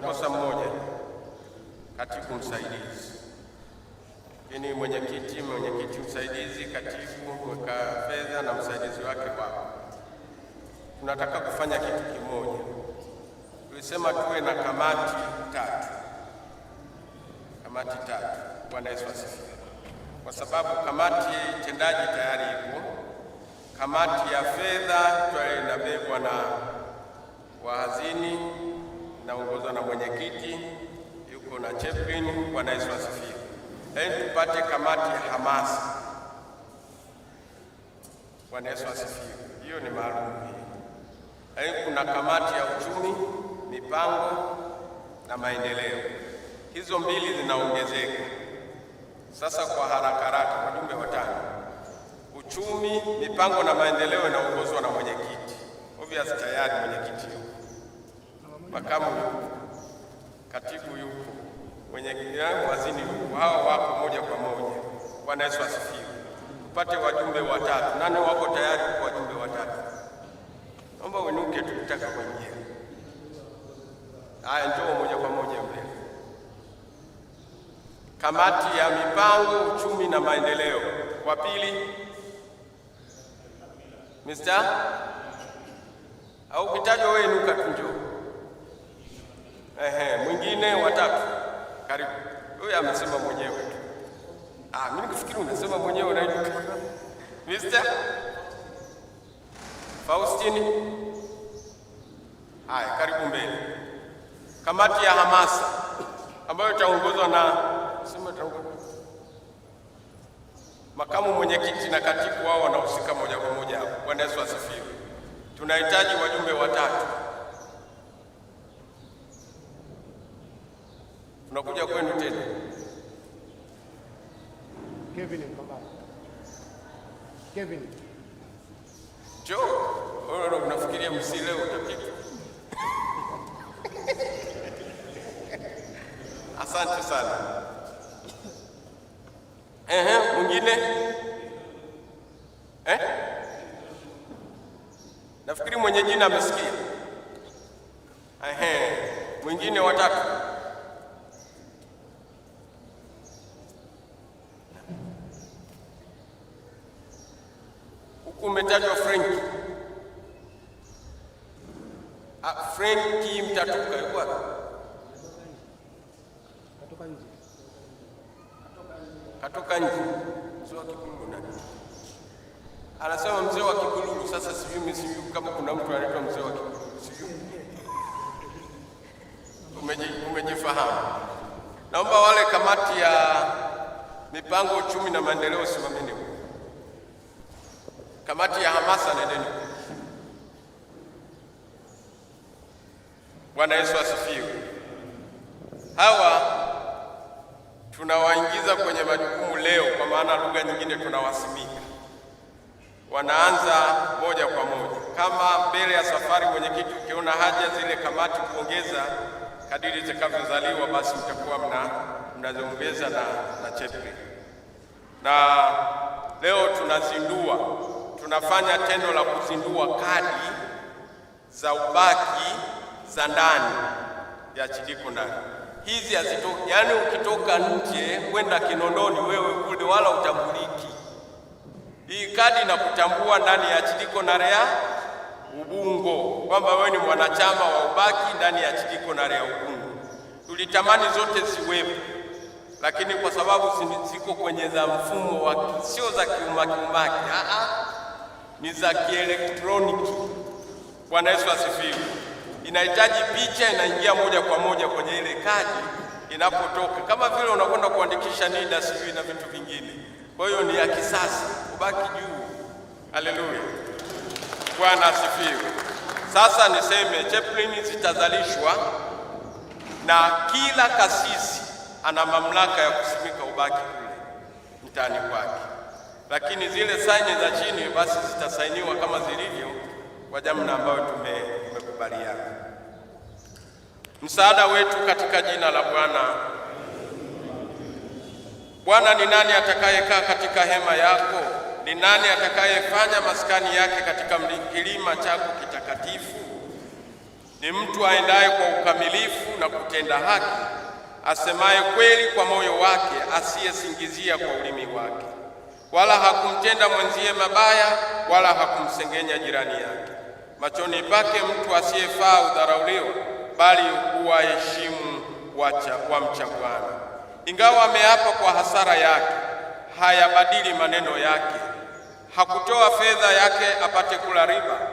Tunakosa mmoja katibu msaidizi, lakini mwenyekiti, mwenyekiti msaidizi, katibu, mweka fedha na msaidizi wake wao. Tunataka kufanya kitu kimoja. Tulisema tuwe na kamati tatu, kamati tatu. Bwana Yesu asifiwe. Kwa sababu kamati tendaji tayari ipo, kamati ya fedha tayari inabebwa na wahazini inaongozwa na mwenyekiti yuko na Chepin. Bwana Yesu asifiwe. Yaani tupate kamati ya hamasa. Bwana Yesu asifiwe. Hiyo ni maalum hii. Yaani kuna kamati ya uchumi, mipango na maendeleo, hizo mbili zinaongezeka sasa kwa haraka haraka, wajumbe watano. Uchumi, mipango na maendeleo inaongozwa na mwenyekiti, obvious tayari mwenyekiti makamu yuko, katibu yuko, mwenye wangu wazini yuko, hawa wako moja kwa moja. Bwana Yesu asifiwe. Tupate wajumbe watatu. Nani wako tayari kwa wajumbe watatu? Naomba uinuke tukitaka kuingia. Haya, njoo moja kwa moja mbele. Kamati ya mipango, uchumi na maendeleo. Wa pili Mr. au kitajo wewe inuka tu njoo. Ehe, mwingine watatu. Karibu. Huyu amesema mwenyewe tu. Ah, mimi nikufikiri unasema mwenyewe na Mr. Faustini. Haya, karibu mbele. Kamati ya hamasa ambayo itaongozwa na sema itaongozwa makamu mwenyekiti na katibu wao wanahusika moja kwa moja hapo. Bwana Yesu asifiwe. Tunahitaji wajumbe watatu. tunakuja kwenu tena. Kevin Mkambale, Kevin jo, unafikiria msi leo utapita? Asante sana. Ehe, mwingine eh? Nafikiri mwenye jina amesikia. Ehe, mwingine wataka Frenki mtatuka yuko wapi? Katoka nje mzee wa Kipungu nani? Anasema mzee wa Kikulu. Sasa sijui sijui kama kuna mtu anaitwa mzee wa Kikulu. sijui umejifahamu. Naomba wale kamati ya mipango uchumi na maendeleo, simameni. Kamati ya hamasa, nendeni. Bwana Yesu asifiwe. Hawa tunawaingiza kwenye majukumu leo, kwa maana lugha nyingine tunawasimika, wanaanza moja kwa moja. Kama mbele ya safari mwenyekiti ukiona haja zile kamati kuongeza kadiri zitakavyozaliwa, basi mtakuwa mna mnaziongeza na, na chepe na leo tunazindua, tunafanya tendo la kuzindua kadi za ubaki za ndani ya Chilikundani. Hizi hazitoki, yaani ukitoka nje kwenda Kinondoni wewe kule wala utambuliki. Hii kadi inakutambua ndani ya Chilikundani ya Ubungo kwamba wewe ni mwanachama wa ubaki ndani ya Chilikundani ya Ubungo. Tulitamani zote ziwepo, lakini kwa sababu ziko kwenye za mfumo wa sio za kiumakiumaki, ni za kielektroniki. Bwana Yesu asifiwe inahitaji picha inaingia moja kwa moja kwenye ile kadi inapotoka, kama vile unakwenda kuandikisha NIDA sijui na vitu vingine. Kwa hiyo ni ya kisasa, ubaki juu. Haleluya, Bwana asifiwe. Sasa niseme chaplain zitazalishwa na kila kasisi ana mamlaka ya kusimika ubaki kule mtaani kwake, lakini zile saini za chini basi zitasainiwa kama zilivyo kwa jamna ambayo tumekubaliana msaada wetu katika jina la Bwana. Bwana, ni nani atakayekaa katika hema yako? Ni nani atakayefanya maskani yake katika kilima chako kitakatifu? Ni mtu aendaye kwa ukamilifu na kutenda haki, asemaye kweli kwa moyo wake, asiyesingizia kwa ulimi wake, wala hakumtenda mwenzie mabaya, wala hakumsengenya jirani yake. Machoni pake mtu asiyefaa udharauliwa bali huwaheshimu wamcha Bwana. Ingawa ameapa kwa hasara yake, hayabadili maneno yake. Hakutoa fedha yake apate kula riba